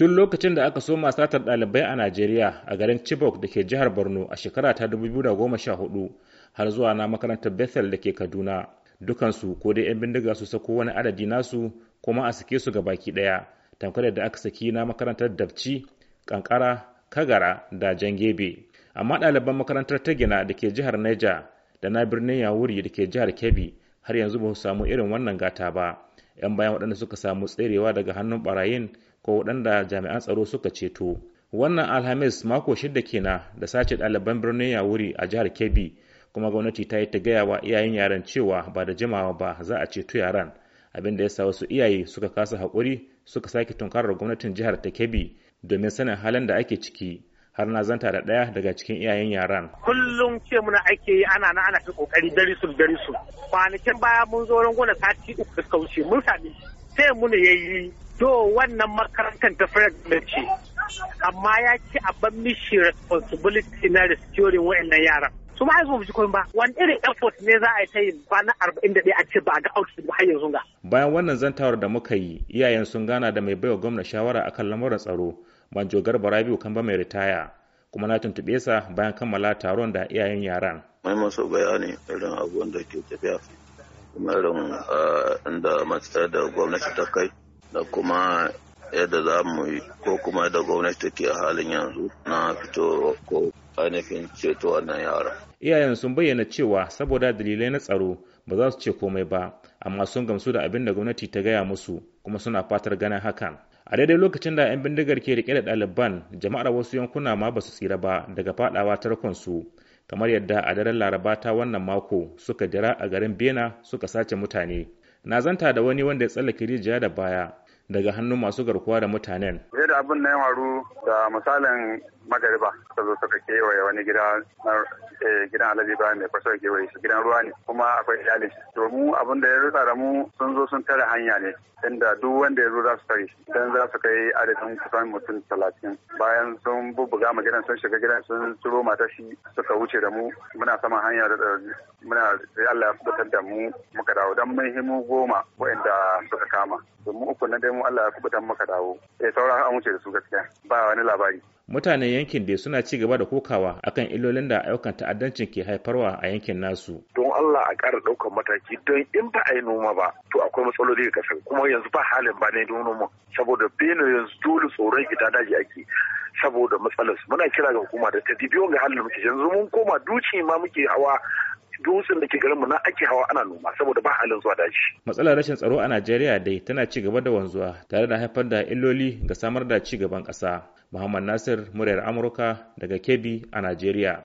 tun lokacin da aka soma satar ɗalibai a najeriya a garin chibok da ke jihar borno a shekara ta 2014 har zuwa na makarantar bethel da ke kaduna dukansu ko dai 'yan bindiga su sako wani adadi nasu kuma a sake su ga baki ɗaya tamkar da aka saki na makarantar dabci kankara kagara da jangebe amma ɗaliban makarantar ta da ke jihar niger da na birnin yawuri da ke jihar kebbi har yanzu ba su samu irin wannan gata ba 'yan bayan waɗanda suka samu tserewa daga hannun barayin ko waɗanda jami'an tsaro suka ceto wannan alhamis mako shida kenan da sace ɗaliban birnin yawuri a jihar kebbi kuma gwamnati ta yi ta gaya wa iyayen yaran cewa ba da jimawa ba za a ceto yaran abin da ya sa wasu iyaye suka kasa haƙuri suka sake tunkarar gwamnatin jihar ta kebbi domin sanin halin da ake ciki har na zanta da ɗaya daga cikin iyayen yaran. Kullum ce muna ake yi ana na ana ta kokari dare su. Kwanakin baya mun zo rangona sati uku da suka wuce mun sami sai muna yayi to wannan makarantar ta Fred ce. Amma ya ci a ban mishi responsibility na restoring wa'annan yaran. su ma haizu ji ba wani irin effort ne za a yi ta yin na arba'in da ɗaya a ce ba ga outfit ba har yanzu ga. bayan wannan zantawar da muka yi iyayen sun gana da mai baiwa gwamna shawara akan lamuran tsaro manjo garba kan ba mai ritaya kuma na tuntuɓe sa bayan kammala taron da iyayen yaran. mai masu bayani irin abubuwan da ke tafiya kuma irin ah, inda matsayar da gwamnati ta kai da kuma yadda za mu yi ko kuma da gwamnati take halin yanzu na fito ko ainihin ceto wannan yaron. Iyayen sun bayyana cewa saboda dalilai na tsaro ba za su ce komai ba, amma sun gamsu da abin da gwamnati ta gaya musu kuma suna fatar ganin hakan. A daidai lokacin da 'yan bindigar ke rike da ɗaliban, jama'ar wasu yankuna ma ba su tsira ba daga faɗawa tarkonsu. kamar yadda a daren laraba ta wannan mako suka jira a garin bena suka sace mutane na zanta da wani wanda ya tsallake rijiya da baya daga hannun masu garkuwa da mutanen. da abin na ya waru da misalin magariba suka zo suka kewaye wani gida eh, gidan alabi ba mai fasar kewaye shi gidan ruwa ne kuma akwai iyali to mu abin da ya rusa da mu sun zo sun tare hanya ne inda duk wanda ya zo za su tare shi za su kai adadin kusan mutum talatin bayan sun bubbuga ma gidan sun shiga gidan sun ciro mata shi suka wuce da mu muna sama hanya da muna Allah ya fitar da mu muka dawo dan mun himu goma waɗanda suka kama mu uku na dai Allah ya kubutan maka dawo eh sauran an wuce da su gaskiya ba wani labari mutanen yankin da suna ci gaba da kokawa akan illolin da ayyukan ta'addancin ke haifarwa a yankin nasu don Allah a ƙara ɗaukar mataki don in ba a yi noma ba to akwai matsaloli ga kasar kuma yanzu ba halin ba ne noma saboda bene yanzu dole tsoron gida daji ake saboda matsalar muna kira ga hukuma da ta dibiyo ga halin muke yanzu mun koma duci ma muke hawa dutsen da ke garinmu na ake hawa ana noma saboda ba halin zuwa daji. Matsalar rashin tsaro a Najeriya dai tana ci gaba da wanzuwa tare da haifar da illoli ga samar da ci gaban ƙasa. Muhammad Nasir, muryar Amurka daga Kebbi a Najeriya.